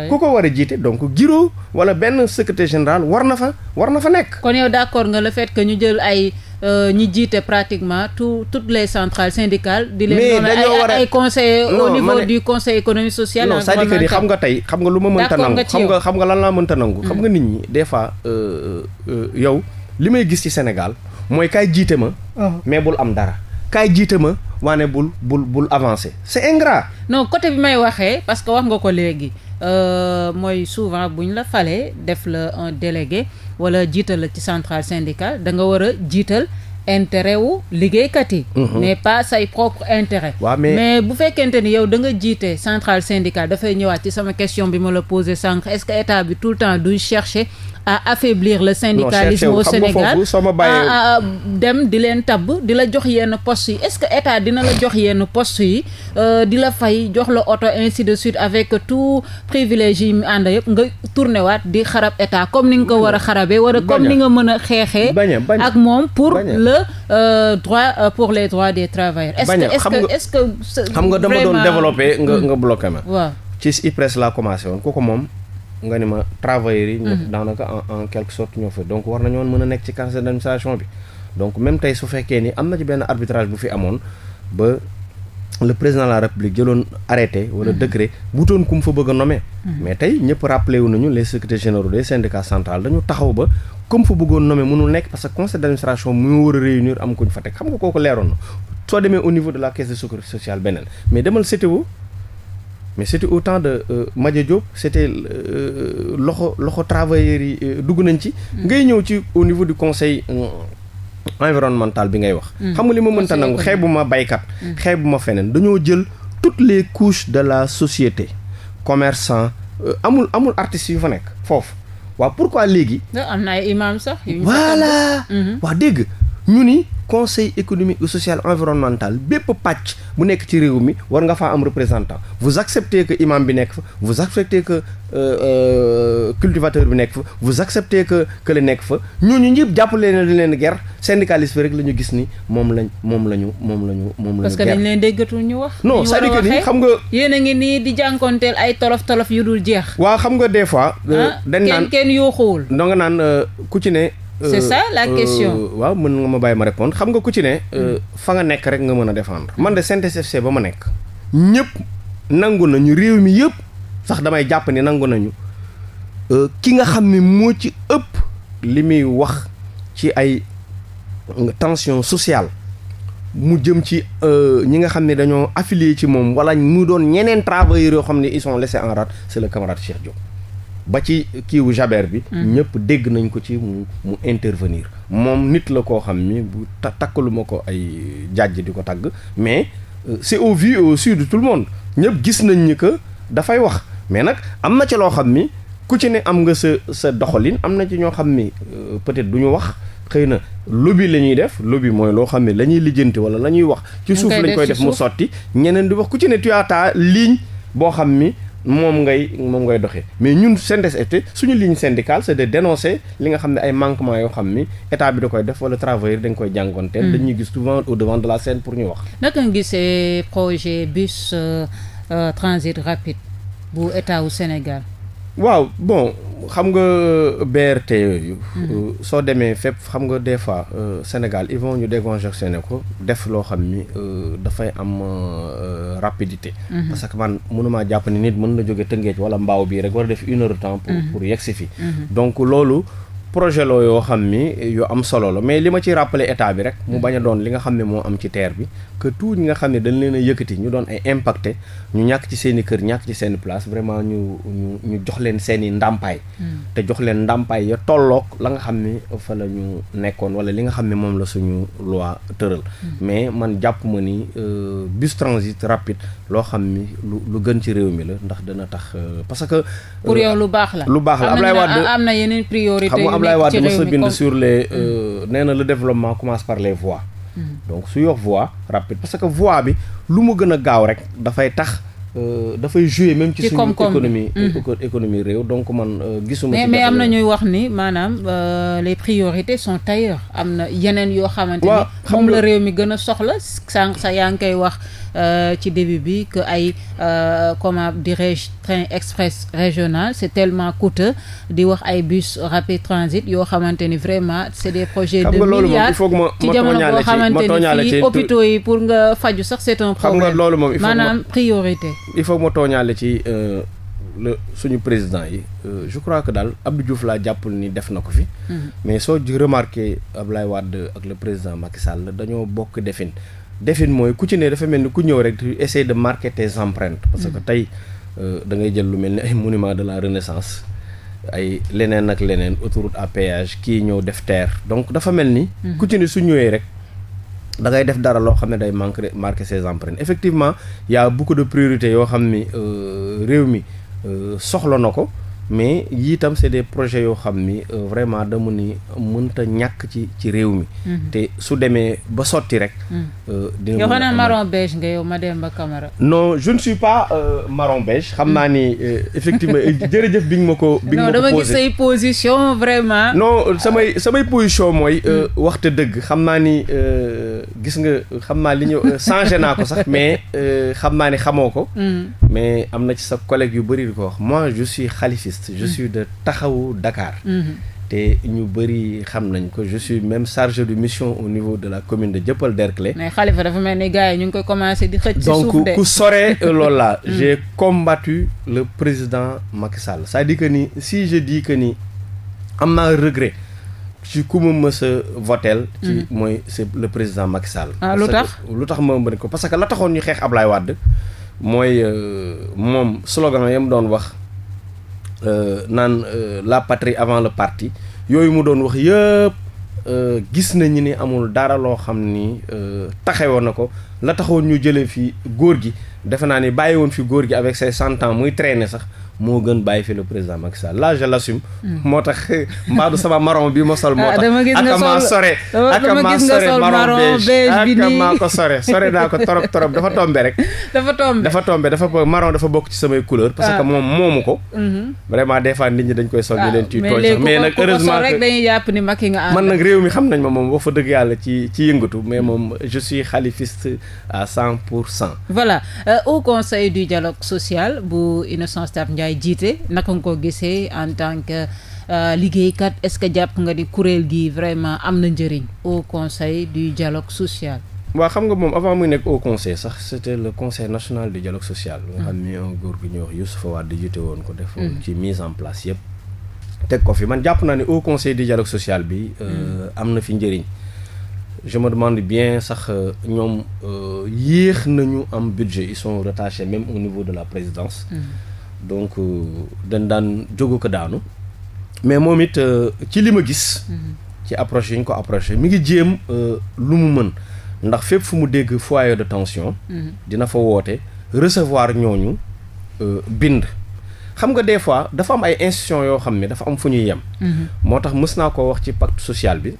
ku ko war a jiite donc giro wala benn secrétaire général war na fa war na fa nekk. kon yow d' accord nga le fait que ñu jël ay euh, ñi jiite pratiquement tout toutes les centrales syndicales. di leen doon ay ay conseillers. au niveau du conseil économique social. non c'est-à-dire xam nga tey xam nga lu ma mënta nangu. xam nga xam nga lan laa mënta nangu. xam nga hmm. nit ñi des fois euh, yow li may gis ci Sénégal mooy kaay jiite ma. Ah. mais bul am dara kaay jiite waane bul bul bul avancer c'est ingrat. non côté bi may waxee parce que wax nga ko léegi euh, mooy souvent bu ñu la falee def la un délégué wala jiital la ci centrale syndicale da nga war a jiital. intérêt wu liggéeykat yi. Mhm. mais pas say propre intérêt. waaw mais mais bu fekkente ni yow da nga jiite centrale syndicale dafay ñëwaat ci sama question bi ma la posé sànq est-ce que état bi tout le temps duy chercher à affaiblir le syndicalisme au Sénégal dem di leen tabb di la jox yenn post yi est-ce que état dina la jox yenn poste yi euh, di la fay jox la oto ainsi de suite avec tout privilège yi mu ànd yëpp nga tourné waat di xarab état comme ni nga ko war a xarabee wala comme ni nga mën a xeexee ak moom pour le euh, droit euh, pour les droits des travailleurs est-ce que est-ce que xam nga dama doon développé nga hmm. nga bloqué ma waaw ci IPRES laa commencé woon ko moom nga ni ma travailleurs yi. ñoom mhm. daanaka en en quelque sorte ñoo fa donc war nañoon mën a nekk ci conseil d'administration bi. donc même tey su fekkee ni am na ci benn arbitrage bu fi amoon ba le président de la république jëloon arrêté wala mhm. décret wutoon ku mu fa bëgg a nommer. Mhm. mais tey ñëpp rappelé wu nañu les secrétaires généraux des syndicats central dañu taxaw ba. comme fa bëggoon nommé mënul nekk parce que conseil d'administration mu war a réunir am ko ñu fa teg xam nga kooku leeroon na soo demee au niveau mais c'était au temps de euh, Madia Diop c'était euh, loxo loxo travailleurs yi euh, dugg nañ ci. Mm. ngay ñëw ci au niveau du conseil. environnemental bi ngay wax. Mm. xam nga li ma mënta nangu xeebu ma baykat. Mm. bu ma feneen dañoo jël toutes les couche de la société commerçant amul amul artistes yu fa nekk foofu waa pourquoi léegi. am sax. voilà. Mm-hmm. waa dégg ñu ni conseil économique social environnemental bépp pàcc bu nekk ci réew mi war nga faa am représentant vous acceptez que imam bi nekk fa vous acceptez que euh, euh, cultivateur bi nekk fa vous acceptez que que la nekk fa ñu ñëpp jàppale leen leen guerre syndicaliste bi rek la ñu gis ni moom lañ moom la ñu moom la ñu moom la ñu parce que dañ leen déggatul ñu wax non sa à dire xam nga yéen a ngi nii di jànkoonteel ay tolof-tolof yu dul jeex waaw xam nga des fois euh, ah, dañ naan kenn kenn yoo xawul na nga naan ku c' est euh, la euh, question. waaw mën nga ma bàyyi ma répondre xam nga ko ci ne. Euh, mm. fa nga nekk rek nga mën a défendre. man de CNTS/FC ba ma nekk. ñëpp nangu nañu réew mi yëpp sax damay jàpp ni nangu nañu ki nga xam ni moo ci ëpp li muy wax ci ay tension sociale mu jëm ci ñi nga xam ne dañoo affilié ci moom wala mu doon ñeneen travailleurs yoo xam ne ils sont laissés en rade c' est le ba ci kiiwu Jaber bi. Mm-hmm. ñëpp dégg nañ ko ci mu mu intervenir moom nit la koo xam ni bu ta takkaluma ko ay jàjj di ko tagg mais euh, c'est au vie au su de tout le monde ñëpp gis nañ ni que dafay wax mais nag am na ci loo xam ni ku ci ne am nga sa sa doxalin am na ci ñoo xam ni euh, peut-être du ñu wax. xëy na lobby la ñuy def lobby mooy loo xam ne lañuy ñuy lijjanti wala la ñuy wax. ci suuf lañ koy def mu sotti. ñeneen di wax ku ci ne tu as ta boo xam ni moom ngay moom ngay doxee mais ñun CNTS/FT suñu ligne syndicale c'est de dénoncer li nga xam ne ay manquements yoo xam ni état bi da koy def wala travailleurs dañ koy jàngonteel. Hmm. dañuy gis souvent au devant de la scène pour ñu wax. naka nga gisee projet bus euh, euh, transit rapide bu état wu Sénégal. waaw bon xam nga euh, BRT yooyu. Hmm. Euh, soo demee fépp xam nga des fois euh, Sénégal ils vont ñu décongestionné ko def loo xam ni dafay am rapidité. Hmm. parce que man mënumaa jàpp ni nit mën na jóge Tëngéej wala mbaaw bii rek war a def une heure temps. pour hmm. pour fi. donc loolu. projet la yoo xam ni yu am solo la mais li ma ci rappeler état bi rek mu bañ a doon li nga xam ne moo am ci terre bi que tout ñi nga xam ne dañ leen a yëkkati ñu doon ay impacté ñu ñàkk ci seen kër ñàkk ci seen place vraiment ñu ñu jox leen seen ndàmpaay mm. te jox leen ndàmpaay ya tolloog la nga xam ne fa la ñu nekkoon wala li nga xam ne moom la suñu loi tëral mm. mais man jàpp ma ni euh, bus transit rapide loo xam ni lu lu gën ci réew mi la ndax dana tax euh, parce que pour euh, yow lu baax la lu Ablaye Wade mos a bind sur les mm. euh, nee na développement commence par les voies mm. donc su yox voie rapide parce que voie bi lu mu gën a gaaw rek dafay tax euh, dafay jouer même ci suñu économie mm. économie réew donc man euh, gisuma nga mais am na ñuy wax ni maanaam les priorités sont ailleurs am na yeneen yoo xamante ni xam la réew mi gën a soxla sànq sa yaa ngi koy wax Euh, ci début bi que ay euh, comment dirais-je train express régional c'est tellement coûteux di wax ay bus rapide transit yoo xamante ni vraiment c'est des projets de milliards ci jamono boo xamante ni fii hôpitaux yi pour nga faju sax c'est un problème maanaam priorité il faut ma tooñaale ci euh, le suñu président yi je crois que daal Abdou Diouf laa jàppul ni def na ko fi mhm. mais soo remarqué Ablaye Wade ak le président Macky Sall dañoo bokk defin defin mooy ku ci ne dafa mel ni ku ñëw rek tu essayer de marquer tes empreintes parce que mm. tey euh, da ngay jël lu mel ni ay monument de la renaissance ay leneen ak leneen autoroute à péage kii ñëw def terre donc dafa mel ni mm. ku ci ne su ñëwee rek da ngay def dara loo xam ne day manqué marqué ses empreintes effectivement y a de priorités yoo xam ni euh, réew mi euh, soxla na ko mais yii tam c' est des yoo xam ni euh, vraiment dama ni mënta ñàkk ci ci réew mi. Mhm. te su demee ba sotti rek. Mhm. Euh, dina mën a marron beige nga yow Mademba Camara. non je ne suis pas euh, beige. xam mhm. naa ni euh, effectivement jërëjëf bi bi nga ma ko posé non dama vraiment. non samay ah. samay position mooy. waxte dëgg xam naa ni gis nga xam naa li ñu changé naa ko sax mais xam naa ni xamoo ko. mais am na ci sa collègue yu bëri di ko wax moi je suis xalifiste. activiste je suis de taxawu Dakar mm-hmm. te ñu bëri xam nañ ko je même chargé de mission au niveau de la commune de Dieuppeul Derklé mais Khalifa dafa mel ni gars yi ñu ngi koy commencé di xëcc ci suuf de donc ku sore euh, loolu la mm. j'ai combattu le président Macky Sall c'est-à-dire que ni si je dis que ni am naa regret ci ku ma mës a votel ci mm-hmm. mooy c'est le président Macky Sall ah, lu tax lu tax ma bëri ko parce que la taxoon ñu xeex Ablaye Wade mooy euh, moom slogan yam doon wax Euh, naan euh, la patrie avant le partie yooyu mu doon wax yëpp euh, gis nañu ni amul dara loo xam ni taxawoon na ko la taxoon ñu jëlee fi góor gi defe naa ni bàyyi woon fi góor gi avec ses cent ans muy traîner sax moo gën bàyyi fi le président Macky Sall là je l'assume moo tax mbaadu sama maron bi ma sol moo ah, tax ak maa sore ak maa sore maron beige ak maa ko sore dafa tombe rek dafa tombe dafa tombe dafa maron dafa bokk ci samay couleur parce que ah. moom moomu ko mhm. vraiment sol ah, rek dañuy jàpp ni Macky nga am man nag réew mi xam nañ ma moom wax fa dëgg yàlla ci ci yëngatu mais moom je suis khalifiste à cent pour cent voilà euh, au conseil du dialogue social bu Innocence Ntap Ndiaye Ndiaye jiite naka nga ko gisee en tant que euh, liggéeykat est-ce que jàpp nga di kuréel gi vraiment am na njëriñ au conseil du dialogue social. waa xam nga moom avant muy nekk au conseil sax c'était le conseil national du dialogue social. nga ah. xam ni un góor gi ñu wax Youssoufa Wade jiite woon ko def. Mm. ci mise en place yëpp. teg ko fi man jàpp naa ne au conseil du dialogue social bi. Euh, mm. am na fi njëriñ. je me demande bien sax euh, ñoom yéex nañu am budget ils sont rattachés même au niveau de la présidence. Mm. donc euh, dañ daan jógu ko daanu mais moom it euh, ci li ma gis mhm. ci approche yu ñu ko approché mi ngi jéem euh, lu mu mën ndax fépp fu mu dégg foyer de tension mhm. dina fa woote recevoir ñooñu bind xam nga des fois dafa am ay institutions yoo xam ne dafa am fu ñuy yem mhm. moo tax mës naa ko wax ci pacte sociale bi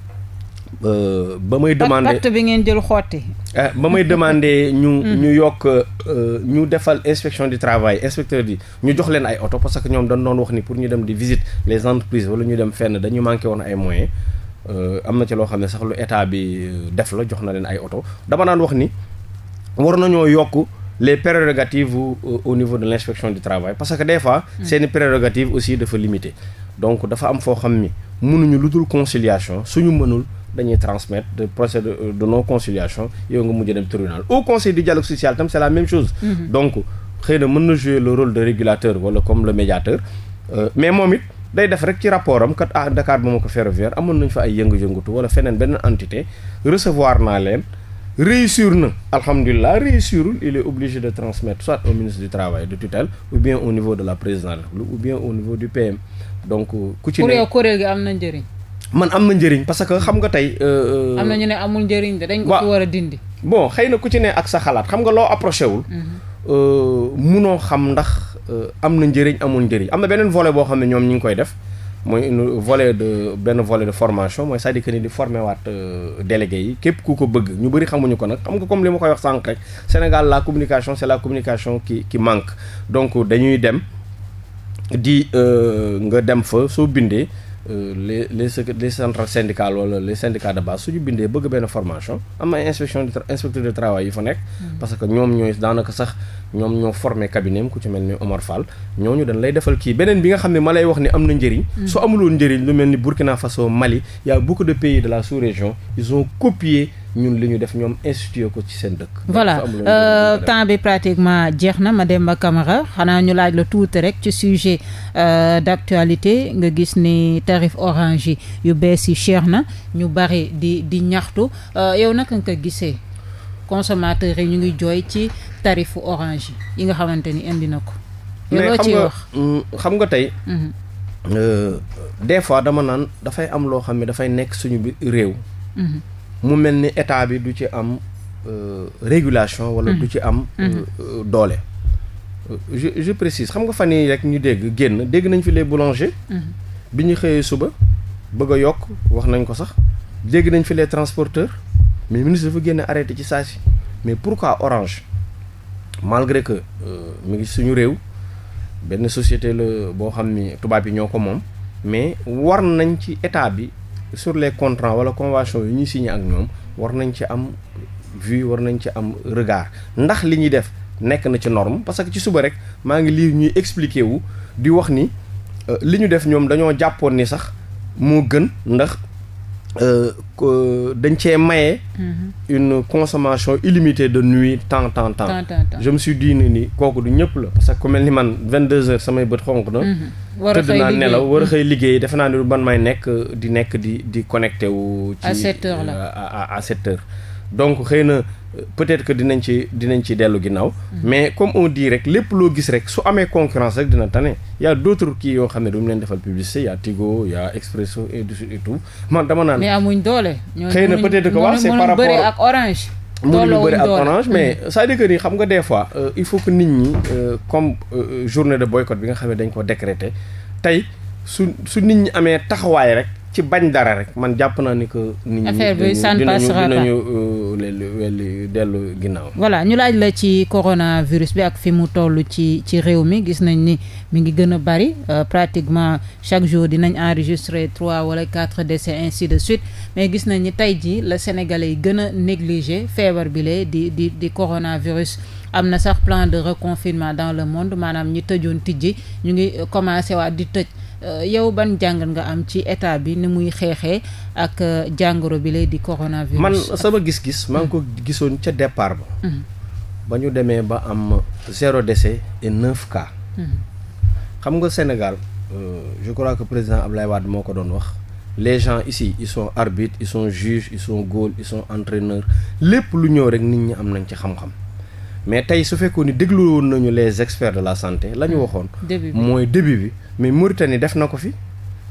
Euh, ba may demandé pacte bi ngeen jël xotti. Ah, ba may demandé ñu mm. ñu yokk euh, ñu defal inspection du travail inspecteur yi ñu jox leen ay oto parce que ñoom dañ doon wax ni pour ñu dem di visite les entreprises wala ñu dem fenn dañu manqué woon ay moyens euh, am na ci loo xam ne sax lu état bi def la jox na leen ay oto dama daan wax ni war nañoo yokk les prérogatives au niveau de l' inspection du travail parce que des fois. Mm. seeni prérogatives aussi dafa limité donc dafa am foo xam ni mënuñu lu dul conciliation suñu mënul. dañuy transmettre de procès de, euh, de non conciliation yow nga mujj dem tribunal au conseil du dialogue social tam c'est la même chose mm donc xëy na mën na jouer le rôle de régulateur wala comme le médiateur euh, mais moom it day def rek ci rapport am kat ah Dakar ba ma ko ferroviaire amoon nañ fa ay yëngu-yëngutu wala feneen benn entité recevoir naa leen réussir na alhamdulilah réussirul il est obligé de transmettre soit au ministre du travail de tutelle ou la présidence ou bien au niveau du PM euh, ku ci ne kuréel na njëriñ man am na njëriñ parce que xam nga tey. Euh, euh, am na ñu ne amul njëriñ de dañ ko ci war a dindi. bon xëy na ku ci ne ak sa xalaat xam nga loo approché wul. Mhm. Euh, munoo xam ndax am na njëriñ amul njëriñ am na beneen vole boo xam ne ñoom ñu ngi koy def. mooy une de benn vole de formation mooy cest à di formé waat délégué yi képp ku ko bëgg ñu bëri xamuñu ko nag xam nga comme li ma koy wax sànq rek Sénégal la communication c'est la communication qui qui manque donc dañuy dem di nga dem fa soo bindee. les les les centrales syndicales wala les syndicats de base su ñu bindee bëgg benn formation am ay inspection de inspecteur de travail yu fa nekk. Mm-hmm. parce que ñoom ñooy daanaka sax ñoom ñoo formé cabinet ku ci mel ni Omar Fall ñooñu dañ lay defal kii beneen bi nga xam ne ma lay wax ni am na njëriñ. Mm-hmm. su amuloon njëriñ lu mel ni Burkina Faso Mali y a beaucoup de pays de la sous-région ils ont copié. ñun li ñu def ñoom institué ko ci seen dëkk. voilà euh, temps bi pratiquement jeex na ma dem Mademba kamara xanaa ñu laaj la tuuti rek ci sujet euh, d'actualité nga gis ni tarif orange yi yu bees yi cher na ñu bari di di ñaxtu euh, yow naka nga ko gisee consommateurs yi ñu ngi jooy ci tarif orange yi nga xamante ni indi na ko. loo ci wax mm, xam nga tey. Mhm. des fois dama naan dafay am loo xam ne dafay nekk suñu bi réew. Mhm. mu mel ni état bi du ci am euh, régulation wala hmm. du ci am hmm. euh, euh, doole je je précise xam nga fan yii rek ñu dégg génn dégg nañ fi les boulangers hmm. bi ñu xëyee suba bëgg a yokk wax nañ ko sax dégg nañ fi les transporteurs mais ministre dafa génn arrêté ci saa si mais pourquoi Orange malgré que mu ngi suñu réew benn société la boo xam ni tubaab yi ñoo ko moom mais war nañ ci état bi sur les contrant wala convention yu ñuy signé ak ñoom war nañ ci am vue war nañ ci am regard ndax li ñuy def nekk na ci norme parce que ci suba rek maa ngi lii ñuy expliquer wu di wax ni euh, li ñu def ñoom dañoo jàppoon ni sax moo gën ndax euh, dañ cee maye. Mm-hmm. une consommation illimitée de nuit tant tant tant. je me suis dit ni kooku du ñëpp la parce que ku mel ni man 22 heures samay bët xonq na. Mm-hmm. tëdd naa nelaw war a xëy liggéey defe naa lu ban may nekk di nekk di di connecté wu. ci à sept la euh, à sept heures donc xëy na euh, peut-être que dinañ ci dinañ ci dellu ginnaaw. Mm-hmm. mais comme on di rek lépp loo gis rek su amee concurrence rek dina tane y' a d' autres kii yoo xam ne du mu leen defal publicité y' a Tigo y' a Expresso et tout man dama naan. mais amuñ doole. xëy na peut-être que waaw c'est par rapport ak Orange. mënu ñu bëri ak orange mais c'est-à-dire mm. que xam nga des fois euh, il faut que nit ñi euh, comme euh, journée de boycott bi nga xam ne dañ ko décréter tey su su nit ñi amee taxawaay rek ci bañ dara rek man jàpp naa ni que. nit ñi affaire bi ça ne passera pas dinañu euh, dellu ginnaaw. voilà ñu laaj la ci coronavirus bi ak fi mu toll ci ci réew mi gis nañ ni mi ngi gën a bari euh, pratiquement chaque jour dinañ enregistrer trois wala quatre décès ainsi de suite mais gis nañ ni tey jii la Sénégalais yi gën a négliger feebar bi lee di di di coronavirus. am na sax plan de reconfinement dans le monde maanaam ñi tëjoon ji ñu ngi commencé waat di tëj. Euh, yow ban jàngat nga am ci état bi ni muy xeexee ak euh, jàngoro bi lay di coronavirus. man sama gis-gis maa ngi ko gisoon ca départ ba. Mhm. ba ñu demee ba am zéro décès et neuf cas. Mhm. xam nga Sénégal euh, je crois que président Ablaye Wade moo ko doon wax. les gens ici ils sont arbitres ils sont juges ils sont lépp lu ñëw rek nit ñi am nañ ci xam-xam. mais tey su fekkoo ni déglu woon nañu les experts de la santé la ñu mm. waxoon. mooy début bi mais Mauritanie def na ko fi.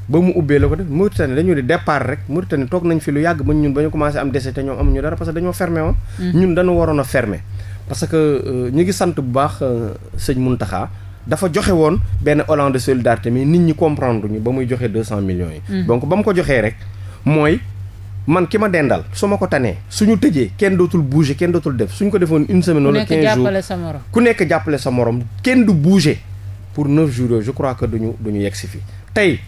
ba mu ubbee la ko def Mauritanie dañu di départ rek Mauritanie toog nañ fi lu yàgg ba ñun ba ñu commencé am décès te ñoom amuñu dara parce que dañoo fermé woon. Mm. ñun dañu waroon a fermé. parce que euh, ñu ngi sant bu baax euh, sëñ mun Mountakha dafa joxe woon benn élan de solidarité mais nit ñi comprendre ñu ba muy joxe deux cent millions yi. Mm. donc ba mu ko joxee rek mooy. man ki ma dendal su ma ko tanee suñu tëjee kenn dootul bouger kenn dootul def suñ ko defoon une semaine wala quinze jours ku nekk jàppale sa morom kenn du bouger pour neuf jours yooyu je crois que duñu duñu yegg si fii tey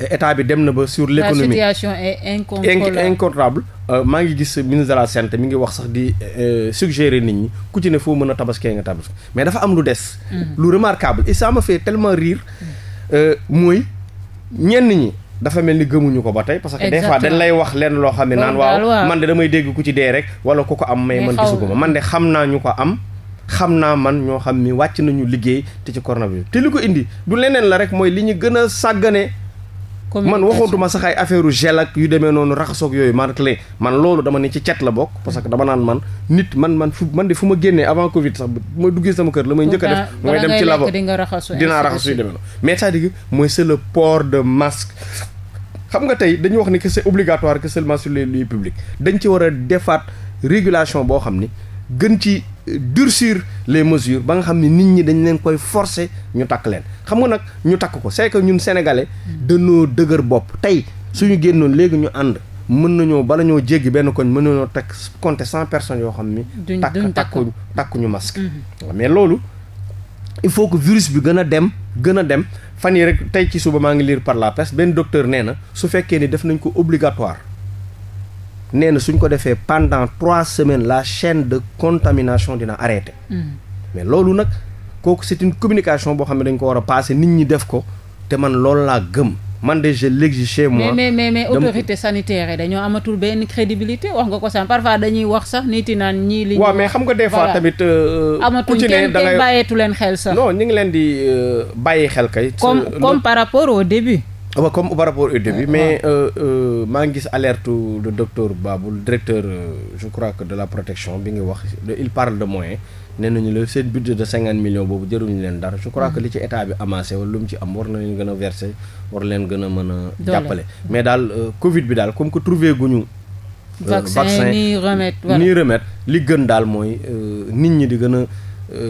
état bi dem na ba sur l'économie la situation est incontrôlable euh, maa ngi gis ministre de la santé mi ngi wax sax di euh, suggérer nit ñi ku ci foo mën a tabaskee nga tabaski mais dafa am lu des mm-hmm. lu remarquable et ça m'a fait tellement rire mm. euh, mooy ñenn ñi dafa mel ni gëmuñu ko ba tey parce que des fois dañ lay wax lenn loo xam ne naan waaw man de damay dégg ku ci dee rek wala ku ko am may man ko gisuguma man de xam naa ñu ko am xam naa man ñoo xam ni wàcc nañu liggéey te ci coronavirus te li ko indi du leneen la rek mooy li ñu gën a sàggane man waxootuma sax ay affaire gel ak yu demee noonu raxasoog yooyu marclé man loolu dama ne ci cet la bokk parce que dama naan man nit man man fu man de fu ma génnee avant covid sax bu ma duggee sama kër la may njëkk def mooy dem ci labo dinaa raxasu yu demee noonu mais c'est-à-dire mooy c'est le port de masque xam nga tey dañu wax ni que c'est obligatoire que seulement sur les lieux dañ ci war a defaat régulation boo xam ni gën ci durcir les mesures ba nga xam ni nit ñi dañ leen koy forcer ñu takk leen xam nga nag ñu takk ko c'est que ñun sénégalais dañoo dëgër bopp tey suñu génnoon léegi ñu ànd mën nañoo bala ñoo jéggi benn koñ mën nañoo takk compter cent personnes yoo xam ni takk takku takkuñu masque mm-hmm. mais loolu il faut que virus bi gën a dem gën a dem fan yi rek tey ci suba maa ngi lire par la presse benn docteur nee na su fekkee ni def nañ ko obligatoire nee na suñ ko defee pendant trois semaines la chaine de contamination dina arrêté. Hmm. mais loolu nag kooku c'est communication boo xam ne dañ ko war a passer nit ñi def ko te man loolu laa gëm. man de je l'exige chez moi. mais mais mais autorité sanitaire yi dañoo amatul benn crédibilité wax nga ko sax parfois dañuy wax sax nit yi naan ñii. li waaw mais xam nga des fois tamit. Euh, ku ci ne da ngay amatuñ kenn bàyyeetu leen xel sax. non ñu ngi leen di euh, bàyyi xel kay. comme euh, comme par rapport au début. waaw ah comme par rapport au début mais euh, euh, maa ngi gis alerte le docteur Baboul directeur euh, je crois que de la protection bi nga wax il parle de moyens nee nañu la seen budget de cinquante millions boobu jëruñu leen dar je crois mm. que li ci état bi amassé wala lu mu ci am war na leen gën a verser war leen gën a mën a jàppale mais daal covid bi daal comme que trouvé guñu vaccin ni remède li gën daal mooy nit ñi di gën a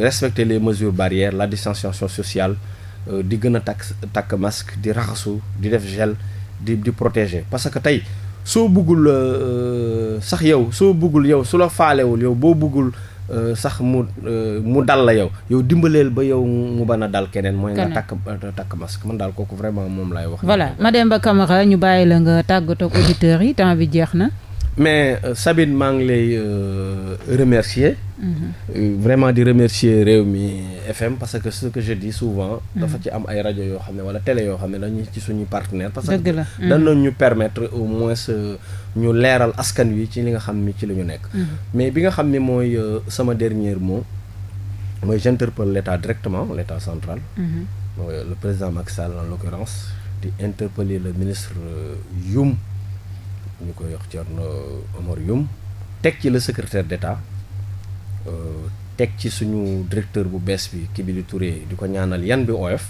respecter les mesures barrières la distanciation sociale Euh, di gën a takk takk masque di raxasu di def gel di di protéger parce que tey soo buggul euh, euh, sax yow soo buggul yow su la faalewul yow boo buggul sax mu mu dal la yow yow dimbaleel ba yaw mu ban a dal keneen mooy nga takk takk masque man daal kooku vraiment moom laay wax voilà Mademba Camara ñu bàyyi la nga tàggatoo auditeurs yi temps bi jeex na mais euh, Sabine maa ngi lay euh, remercier mm-hmm. euh, vraiment di remercier Rewmi FM parce que ce que je souvent mm-hmm. dafa ci am ay rajo yoo xam ne wala télé yoo xam ne dañu ci suñu partenaire parce que danañ ñu permettre au moins ñu leeral askan wi ci li nga xam ni ci la ñu nekk mm-hmm. mais bi nga xam ni mooy sama dernier mot mooy j'interpelle l'État directement l'État central le président Macky Sall en l'occurrence di interpeller la ministre Youm ñu koy wax Thierno Omar Youm teg ci le secrétaire d'État euh, teg ci suñu directeur bu bees bi Kibili Touré di ko ñaanal yan bi oyof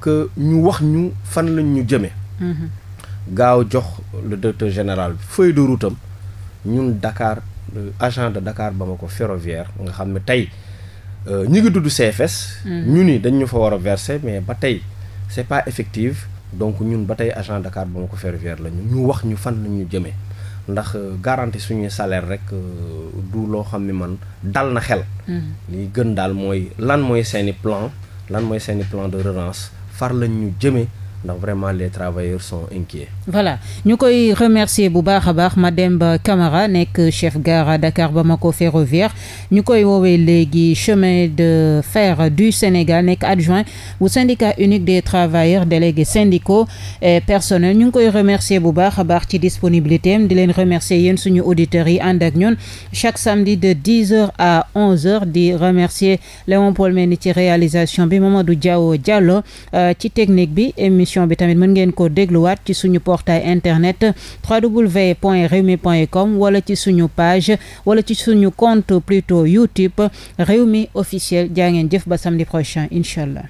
que ñu wax ñu fan lañ ñu jëmee. Mhm. gaaw jox le directeur général feuille de route am ñun Dakar agent de Dakar Bamako ferroviaire nga xam ne tey euh, ñu ngi dudd CFS. Mhm. ñu ni dañ fa war a verser mais ba tey c'est pas effective. donc ñun ba tey agent Dakar ba ma ko ferroviaire la ñu ñu wax ñu fan la ñu jëmee ndax euh, garanti suñuy salaire rek euh, du loo xam ni man dal na xel. Mm-hmm. li gën daal mooy lan mooy seeni plan lan mooy seeni plan de relance far lañ ñu jëmee. ndax vraiment les travailleurs voilà ñu koy remercier bu baax a baax Mademba Camara nekk chef gare Dakar Bamako ferroviaire ñu koy woowee léegi chemin de fer du Sénégal nekk adjoint bu syndicat unique des travailleurs délégués syndicaux et personnels ñu ngi koy remercier bu baax a baax ci disponibilité am di leen remercier yéen suñu auditeurs yi ànd ak ñun chaque samedi de 10h à 11h di remercier Léon Paul Mendy ci réalisation bi du Diaw Diallo euh, ci technique bi émission bi tamit mën ngeen ko dégluwaat ci suñu portaay internet www.rewmi.com wala ci suñu page wala ci suñu compte plutôt YouTube mi officiel jaa ngeen jëf ba samedi prochain incha allah